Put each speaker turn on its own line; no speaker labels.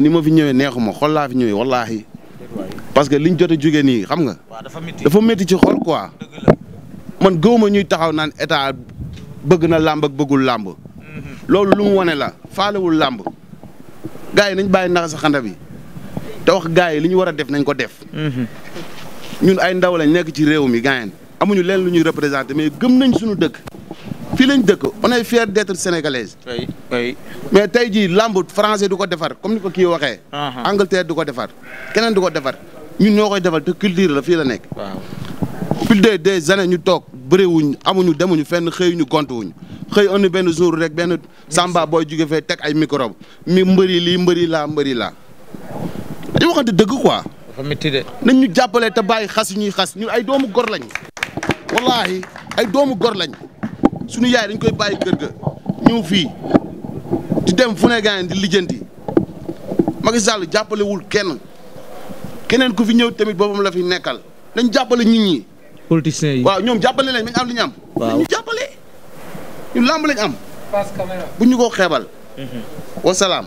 ni ma fi ñëwee neexuma xol laa fi ñëwee wallaahi parce que liñ jot a jógee nii xam nga. dafa métti ci xol quoi. man gëwma ñuy taxaw naan état bëgg na làmb ak bëggul làmb. Mhm. loolu lu mu wane la faalewul làmb. gars yi nañ bàyyi naxa sa xanda bi te wax gars yi li ñu war a def nañ ko def. Mhm. ñun ay ndaw lañ nekk ci réew mi gaayen amuñu leen lu ñuy représenté nañ suñu dëkk. fii lañ dëkk on est fier d'être sénégalaise. mais tey jii làmb français du ko defar comme ni ko kii waxee. Uh-huh. Angleterre du ko defar keneen du ko defar ñun ñoo koy defar te culture la fii la nekk. waaw de des années ñu toog bëriwuñ amuñu demuñu fenn xëyuñu gontuwuñ xëy on benn jour rek benn samba booy juge fee teg ay microbe mi mbëri lii mbëri laa mbëri laa dañu waxante dëgg quoi. dafa métti nañ ñu jàppale te bàyyi xas ñuy xas ñun ay doomu gor lañ. wallaahi ay doomu gor lañ. suñu yaay dañ koy bàyyi kër ga ñëw fii di dem fu ne gaañ di lijjanti Macky Sall jàppalewul kenn keneen ku fi ñëw tamit boppam la fi nekkal dañ jàppale nit ñi. politiciens waaw ñoom jàppale leen mi am li ñu am. ñu jàppale ñu làmb lañ bu ñu ko xeebal. Mhm. wasalaam.